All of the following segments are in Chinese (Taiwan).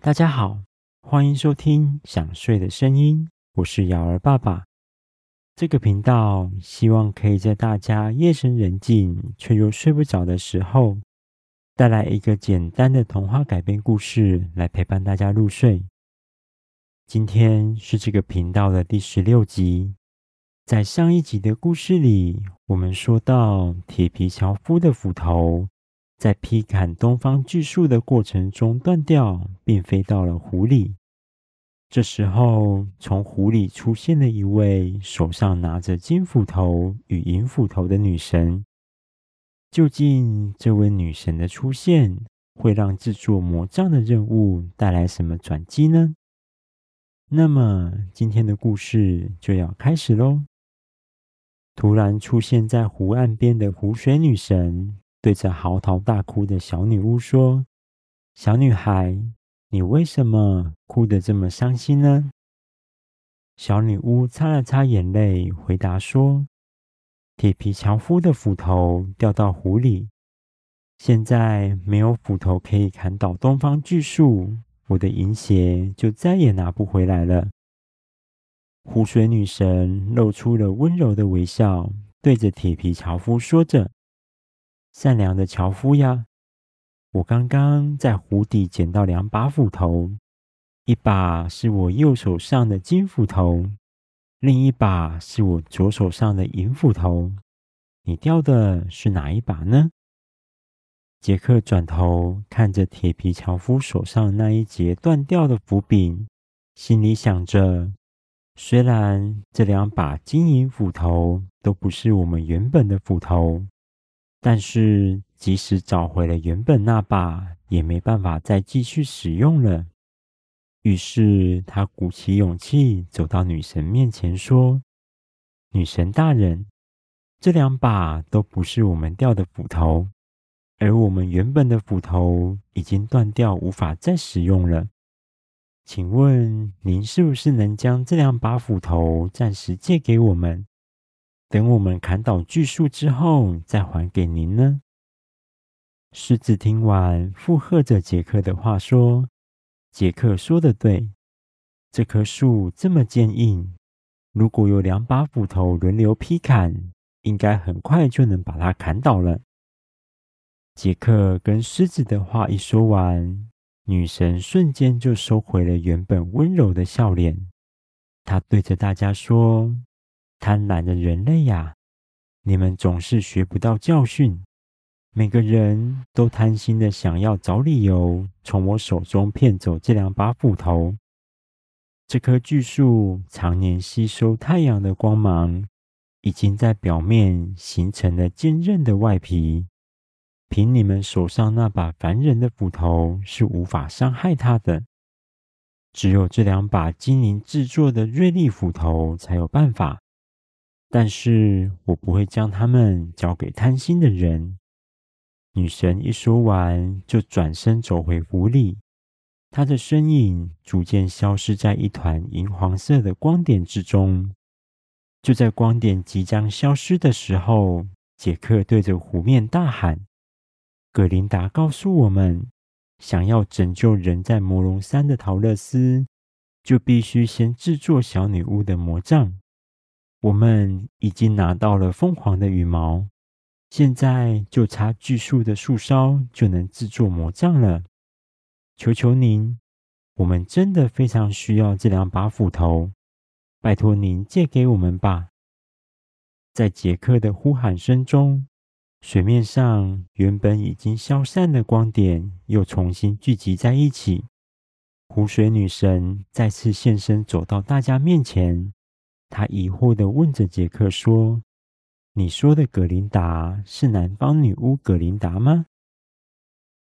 大家好，歡迎收聽《想睡的聲音》，我是堯兒爸爸。這個頻道希望可以在大家夜深人靜卻又睡不着的時候，帶來一個簡單的童話改編故事來陪伴大家入睡。今天是這個頻道的第十六集。在上一集的故事裡，我們說到鐵皮樵夫的斧頭。在劈砍東方巨樹的過程中斷掉，並飛到了湖裡。這時候，從湖裡出現了一位手上拿着金斧頭與銀斧頭的女神。究竟這位女神的出現會讓製作魔杖的任務帶來什麼轉機呢？那麼，今天的故事就要開始嘍。突然出現在湖岸邊的湖水女神。對着嚎啕大哭的小女巫說：“小女孩，你為什麼哭得這麼傷心呢？”小女巫擦了擦眼淚，回答說：“鐵皮樵夫的斧頭掉到湖裡，現在沒有斧頭可以砍倒東方巨樹，我的銀鞋就再也拿不回來了。”湖水女神露出了溫柔的微笑，對着鐵皮樵夫說着。善良的樵夫呀，我剛剛在湖底撿到兩把斧頭，一把是我右手上的金斧頭，另一把是我左手上的銀斧頭。你掉的是哪一把呢？傑克轉頭看着鐵皮樵夫手上那一截斷掉的斧柄，心裡想着，雖然這兩把金銀斧頭都不是我們原本的斧頭。但是，即使找回了原本那把，也沒辦法再繼續使用了。於是，他鼓起勇氣走到女神面前說：“女神大人，這兩把都不是我們掉的斧頭，而我們原本的斧頭已經斷掉，無法再使用了。請問您是不是能將這兩把斧頭暫時借給我們？”等我們砍倒巨樹之後，再還給您呢？獅子聽完，附和着傑克的話說：“傑克說的對，這棵樹這麼堅硬，如果有兩把斧頭輪流劈砍，應該很快就能把它砍倒了。”傑克跟獅子的話一說完，女神瞬間就收回了原本溫柔的笑臉，她對着大家說：貪婪的人類呀，你們總是學不到教訓。每個人都貪心的想要找理由從我手中騙走這兩把斧頭。這棵巨樹常年吸收太陽的光芒，已經在表面形成了堅韌的外皮。憑你們手上那把凡人的斧頭是無法傷害它的，只有這兩把精靈制作的銳利斧頭才有辦法。但是我不會將它們交給貪心的人。女神一說完，就轉身走回湖裡，她的身影逐漸消失在一團銀黃色的光點之中。就在光點即將消失的時候，杰克對着湖面大喊：“葛琳達告訴我們，想要拯救人在魔龍山的桃樂絲，就必須先製作小女巫的魔杖。”我們已經拿到了鳳凰的羽毛，現在就差巨樹的樹梢就能制作魔杖了。求求您，我們真的非常需要這兩把斧頭，拜託您借給我們吧。在傑克的呼喊聲中，水面上原本已經消散的光點又重新聚集在一起。湖水女神再次現身，走到大家面前。他疑惑地問着傑克說：“你說的葛琳達是南方女巫葛琳達嗎？”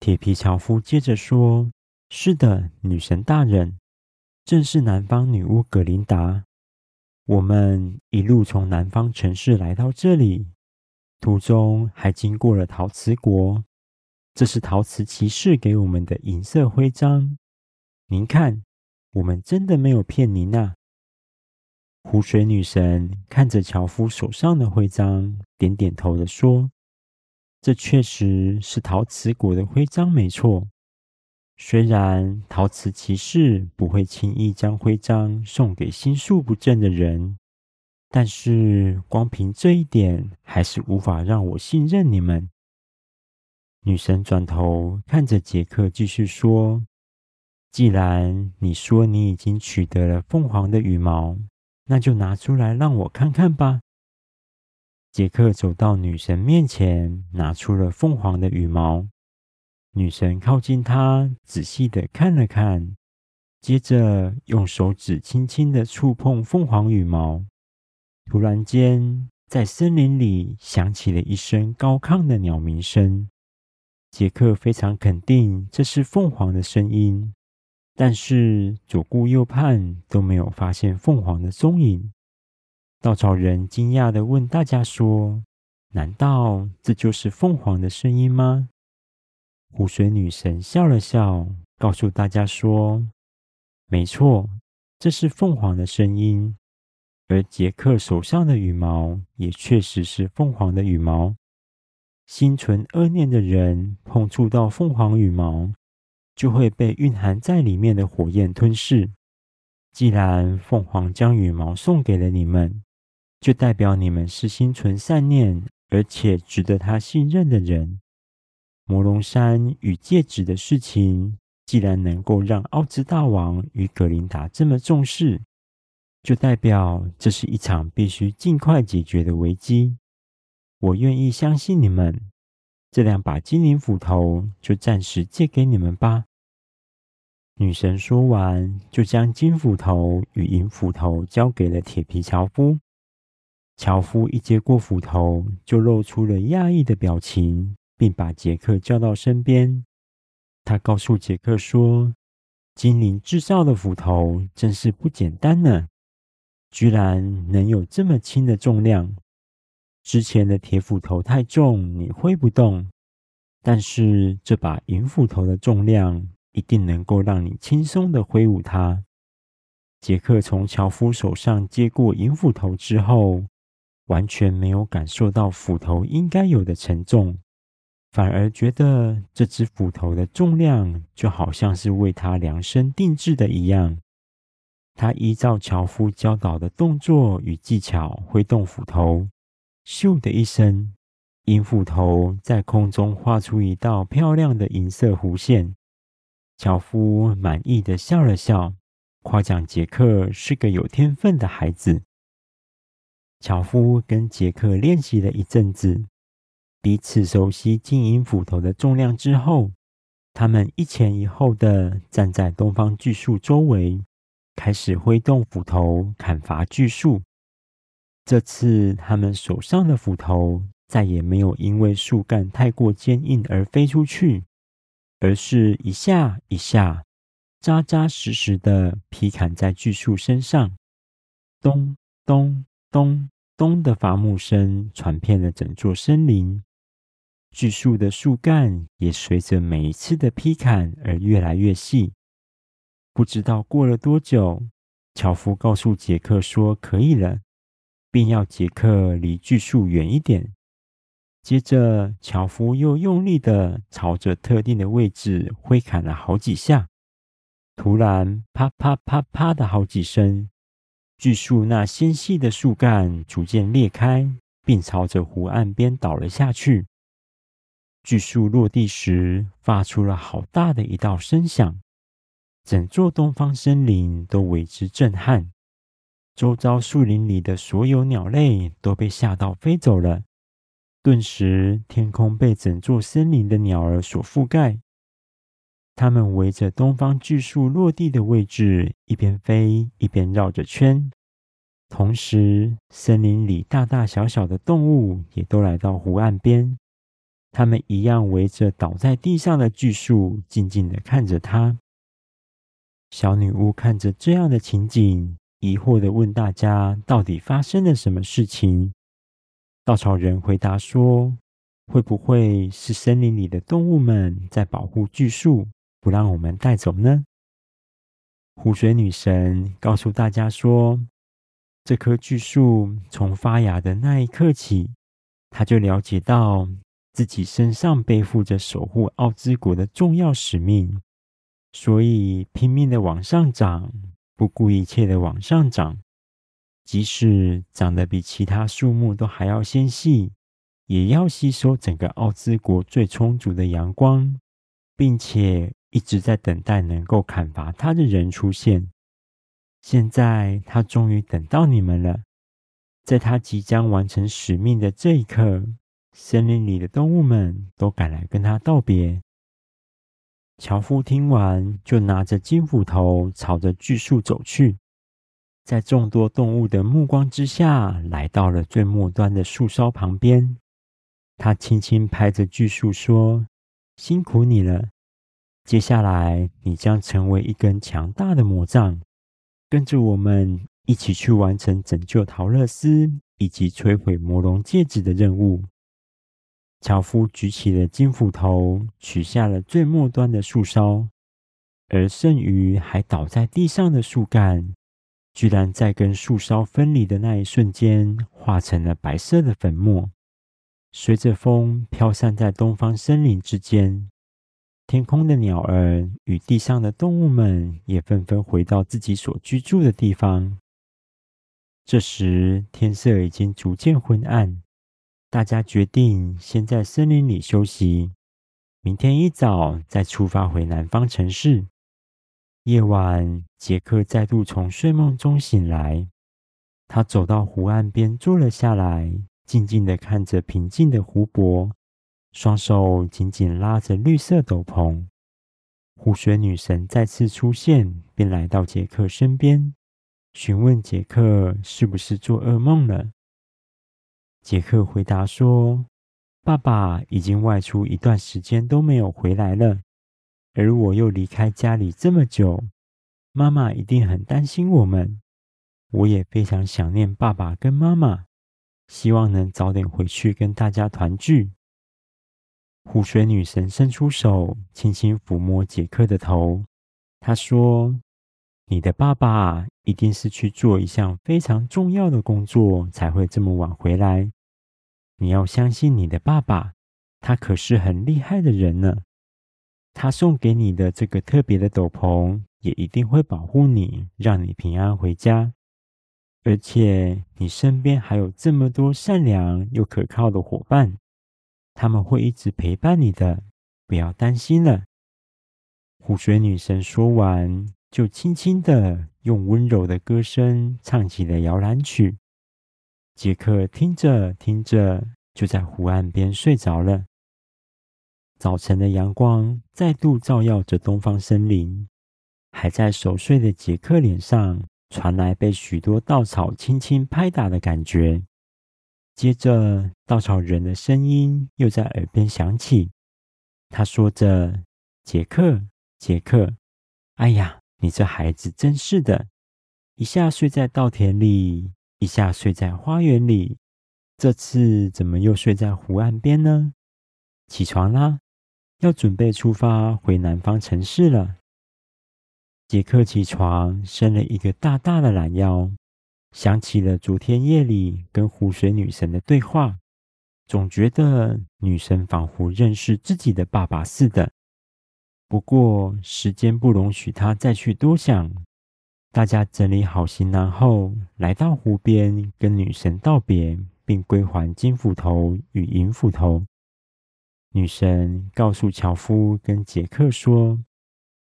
鐵皮樵夫接着說：“是的，女神大人，正是南方女巫葛琳達。我們一路從南方城市來到這裡，途中還經過了陶瓷國。這是陶瓷騎士給我們的銀色徽章。您看，我們真的沒有騙您吶。”湖水女神看着樵夫手上的徽章，點點頭地說：“這確實是陶瓷國的徽章，沒錯。雖然陶瓷騎士不會輕易將徽章送給心術不正的人，但是光憑這一點，還是無法讓我信任你們。”女神轉頭看着杰克，繼續說：“既然你說你已經取得了鳳凰的羽毛。”那就拿出來讓我看看吧。傑克走到女神面前，拿出了鳳凰的羽毛。女神靠近他，仔細地看了看，接着用手指輕輕地觸碰鳳凰羽毛。突然間，在森林裡響起了一聲高亢的鳥鳴聲。傑克非常肯定，這是鳳凰的聲音。但是左顧右盼都沒有發現鳳凰的蹤影。稻草人驚訝地問大家說：“難道這就是鳳凰的聲音嗎？”湖水女神笑了笑，告訴大家說：“沒錯，這是鳳凰的聲音。而傑克手上的羽毛也確實是鳳凰的羽毛。心存惡念的人碰觸到鳳凰羽毛。”就會被蘊含在裡面的火焰吞噬。既然鳳凰將羽毛送給了你們，就代表你們是心存善念，而且值得他信任的人。魔龍山與戒指的事情，既然能夠讓奧茲大王與格琳達這麼重視，就代表這是一場必須儘快解決的危機。我願意相信你們，這兩把精靈斧頭就暫時借給你們吧。女神說完，就將金斧頭與銀斧頭交給了鐵皮樵夫。樵夫一接過斧頭，就露出了訝異的表情，並把傑克叫到身邊。他告訴傑克說：“精靈製造的斧頭真是不簡單呢，居然能有這麼輕的重量。之前的鐵斧頭太重，你揮不動，但是這把銀斧頭的重量……”一定能夠讓你輕鬆的揮舞它。傑克從樵夫手上接過銀斧頭之後，完全沒有感受到斧頭應該有的沉重，反而覺得這隻斧頭的重量就好像是為他量身定制的一樣。他依照樵夫教導的動作與技巧揮動斧頭，咻的一聲，銀斧頭在空中畫出一道漂亮的銀色弧線。樵夫滿意的笑了笑，誇獎傑克是個有天分的孩子。樵夫跟傑克練習了一陣子，彼此熟悉金銀斧頭的重量之後，他們一前一後的站在東方巨樹周圍，開始揮動斧頭砍伐巨樹。這次，他們手上的斧頭再也沒有因為樹幹太過堅硬而飛出去。而是一下一下，扎扎實實地劈砍在巨樹身上，咚咚咚咚的伐木聲傳遍了整座森林。巨樹的樹幹也隨着每一次的劈砍而越來越細。不知道過了多久，樵夫告訴傑克說：“可以了。”並要傑克離巨樹遠一點。接着，樵夫又用力地朝着特定的位置揮砍了好幾下。突然，啪啪啪啪的好幾聲，巨樹那纖細的樹幹逐漸裂開，並朝着湖岸邊倒了下去。巨樹落地時發出了好大的一道聲響，整座東方森林都為之震撼。周遭樹林裡的所有鳥類都被嚇到飛走了。頓時，天空被整座森林的鳥兒所覆蓋。它們圍着東方巨樹落地的位置，一邊飛一邊繞着圈。同時，森林裡大大小小的動物也都來到湖岸邊，它們一樣圍着倒在地上的巨樹，靜靜的看着它。小女巫看着這樣的情景，疑惑的問大家：“到底發生了什麼事情？”稻草人回答說：“會不會是森林裡的動物們在保護巨樹，不讓我們帶走呢？”湖水女神告訴大家說：“這棵巨樹從發芽的那一刻起，它就了解到自己身上背負着守護奧茲國的重要使命，所以拼命的往上長，不顧一切的往上長。”即使長得比其他樹木都還要纖細，也要吸收整個奧茲國最充足的陽光，並且一直在等待能夠砍伐它的人出現。現在，他終於等到你們了。在他即將完成使命的這一刻，森林裡的動物們都趕來跟他道別。樵夫聽完，就拿着金斧頭朝着巨樹走去。在眾多動物的目光之下，來到了最末端的樹梢旁邊，他輕輕拍着巨樹說：“辛苦你了，接下來你將成為一根強大的魔杖，跟着我們一起去完成拯救桃樂絲以及摧毀魔龍戒指的任務。”樵夫舉起了金斧頭，取下了最末端的樹梢，而剩餘還倒在地上的樹幹。居然在跟樹梢分離的那一瞬間，化成了白色的粉末。隨着風飄散在東方森林之間，天空的鳥兒與地上的動物們也紛紛回到自己所居住的地方。這時天色已經逐漸昏暗，大家決定先在森林裡休息，明天一早再出發回南方城市。夜晚，杰克再度從睡夢中醒來。他走到湖岸邊坐了下來，靜靜的看着平靜的湖泊，雙手緊緊拉着綠色斗篷。湖水女神再次出現，便來到杰克身邊，詢問杰克是不是做噩夢了。杰克回答說：“爸爸已經外出一段時間都沒有回來了。”而我又離開家裡這麼久，媽媽一定很擔心我們。我也非常想念爸爸跟媽媽，希望能早點回去跟大家團聚。湖水女神伸出手，輕輕撫摸傑克的頭。她說：“你的爸爸一定是去做一項非常重要的工作，才會這麼晚回來。你要相信你的爸爸，他可是很厲害的人呢。”他送給你的這個特別的斗篷，也一定會保護你，讓你平安回家。而且你身邊還有這麼多善良又可靠的夥伴，他們會一直陪伴你的，不要擔心了。湖水女神說完，就輕輕的用溫柔的歌聲唱起了搖籃曲。傑克聽着聽着，就在湖岸邊睡着了。早晨的陽光再度照耀着東方森林，還在熟睡的傑克臉上傳來被許多稻草輕輕拍打的感覺。接着，稻草人的聲音又在耳邊響起，他說着：“傑克，傑克，哎呀，你這孩子真是的，一下睡在稻田裡，一下睡在花園裡，這次怎麼又睡在湖岸邊呢？起床啦！”要準備出發回南方城市了。杰克起床，伸了一個大大的懶腰，想起了昨天夜裡跟湖水女神的對話，總覺得女神仿佛認識自己的爸爸似的。不過時間不容許他再去多想。大家整理好行囊後，來到湖邊跟女神道別，並歸還金斧頭與銀斧頭。女神告訴樵夫跟傑克說：“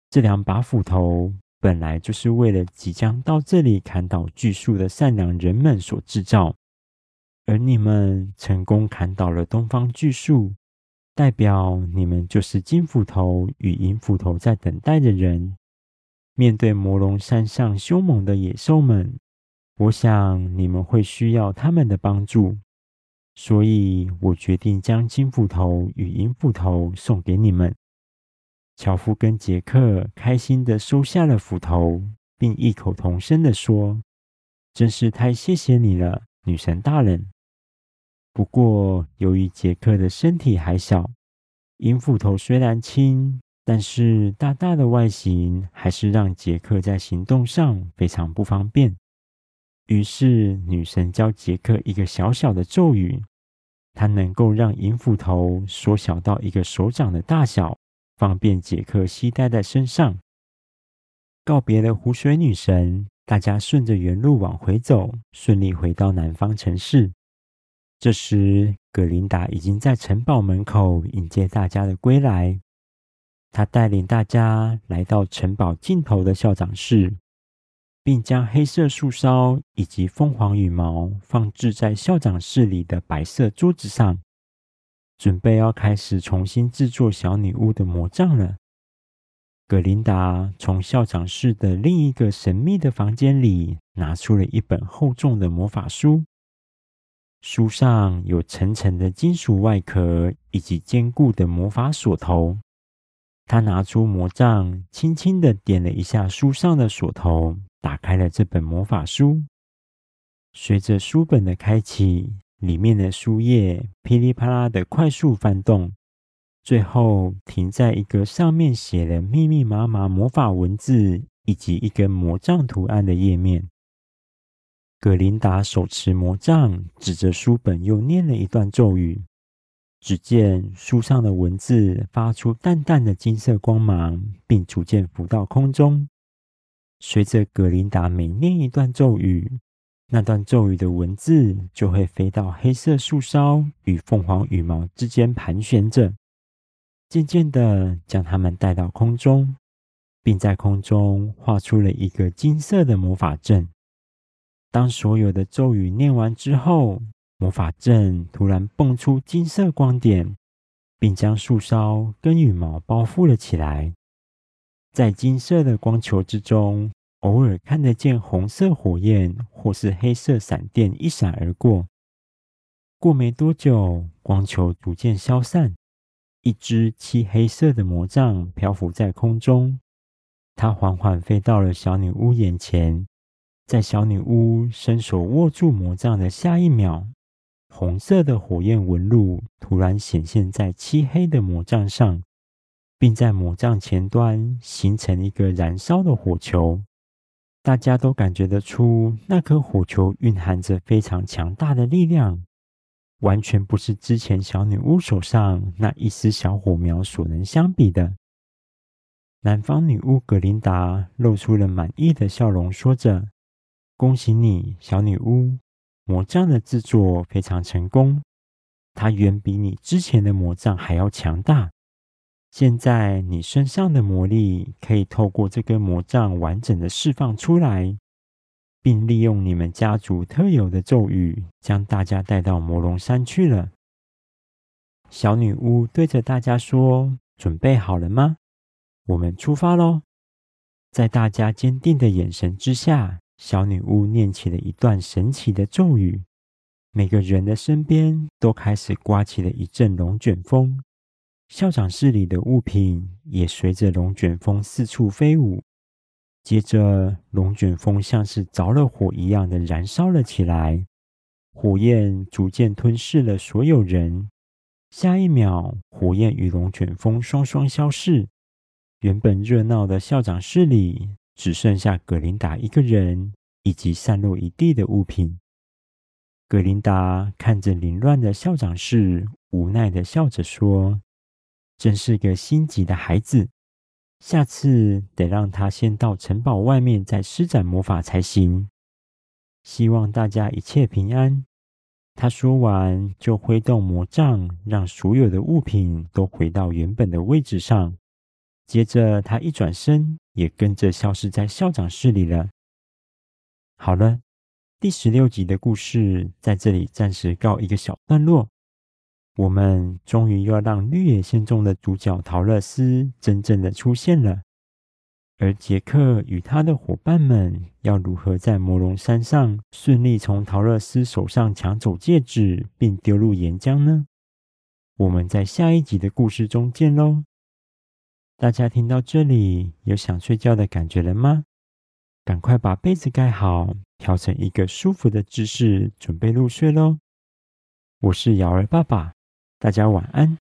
這兩把斧頭本來就是為了即將到這裡砍倒巨樹的善良人們所製造，而你們成功砍倒了東方巨樹，代表你們就是金斧頭與銀斧頭在等待的人。面對魔龍山上兇猛的野獸們，我想你們會需要他們的幫助。”所以我決定將金斧頭與銀斧頭送給你們。樵夫跟傑克開心的收下了斧頭，並異口同聲的說：“真是太謝謝你了，女神大人。”不過，由於傑克的身體還小，銀斧頭雖然輕，但是大大的外形還是讓傑克在行動上非常不方便。於是，女神教傑克一個小小的咒語，它能夠讓銀斧頭縮小到一個手掌的大小，方便傑克攜帶在身上。告別了湖水女神，大家順着原路往回走，順利回到南方城市。這時，格琳達已經在城堡門口迎接大家的歸來。她帶領大家來到城堡盡頭的校長室。並將黑色樹梢、以及鳳凰羽毛放置在校長室裡的白色桌子上，準備要開始重新製作小女巫的魔杖了。葛琳達從校長室的另一個神秘的房間裡拿出了一本厚重的魔法書，書上有層層的金屬外殼以及堅固的魔法鎖頭。她拿出魔杖，輕輕地點了一下書上的鎖頭。打開了這本魔法書，隨着書本的開啟，裡面的書頁噼裡啪啦的快速翻動，最後停在一個上面寫了密密麻麻魔法文字以及一根魔杖圖案的頁面。葛琳達手持魔杖，指着書本又念了一段咒語，只見書上的文字發出淡淡的金色光芒，並逐漸浮到空中。隨着格林達每念一段咒語，那段咒語的文字就會飛到黑色樹梢與鳳凰羽毛之間盤旋着，漸漸地將它們帶到空中，並在空中畫出了一個金色的魔法陣。當所有的咒語念完之後，魔法陣突然迸出金色光點，並將樹梢跟羽毛包覆了起來。在金色的光球之中，偶爾看得見紅色火焰或是黑色閃電一閃而過。過沒多久，光球逐漸消散，一隻漆黑色的魔杖漂浮在空中。它緩緩飛到了小女巫眼前，在小女巫伸手握住魔杖的下一秒，紅色的火焰紋路突然顯現在漆黑的魔杖上。並在魔杖前端形成一個燃燒的火球，大家都感覺得出那顆火球蘊含着非常強大的力量，完全不是之前小女巫手上那一絲小火苗所能相比的。南方女巫格林達露出了滿意的笑容，說着：“恭喜你，小女巫，魔杖的制作非常成功，它遠比你之前的魔杖還要強大。”現在你身上的魔力可以透過這根魔杖完整的釋放出來，並利用你們家族特有的咒語，將大家帶到魔龍山去了。小女巫對着大家說：“準備好了嗎？我們出發嘍！”在大家堅定的眼神之下，小女巫念起了一段神奇的咒語，每個人的身邊都開始颳起了一陣龍捲風。校長室裡的物品也隨着龍捲風四處飛舞，接着龍捲風像是着了火一樣的燃燒了起來，火焰逐漸吞噬了所有人。下一秒，火焰與龍捲風雙雙消逝，原本熱鬧的校長室裡只剩下葛琳達一個人以及散落一地的物品。葛琳達看着凌亂的校長室，無奈的笑着說。真是個心急的孩子，下次得讓他先到城堡外面再施展魔法才行。希望大家一切平安。他說完就揮動魔杖，讓所有的物品都回到原本的位置上。接着他一轉身，也跟着消失在校長室裡了。好了，第十六集的故事在這裡暫時告一個小段落。我們終於又要讓綠野仙蹤的主角桃樂絲真正的出現了，而傑克與他的夥伴們要如何在魔龍山上順利從桃樂絲手上搶走戒指，並丟入岩漿呢？我們在下一集的故事中見嘍！大家聽到這裡有想睡覺的感覺了嗎？趕快把被子蓋好，調成一個舒服的姿勢，準備入睡嘍！我是堯兒爸爸。大家晚安。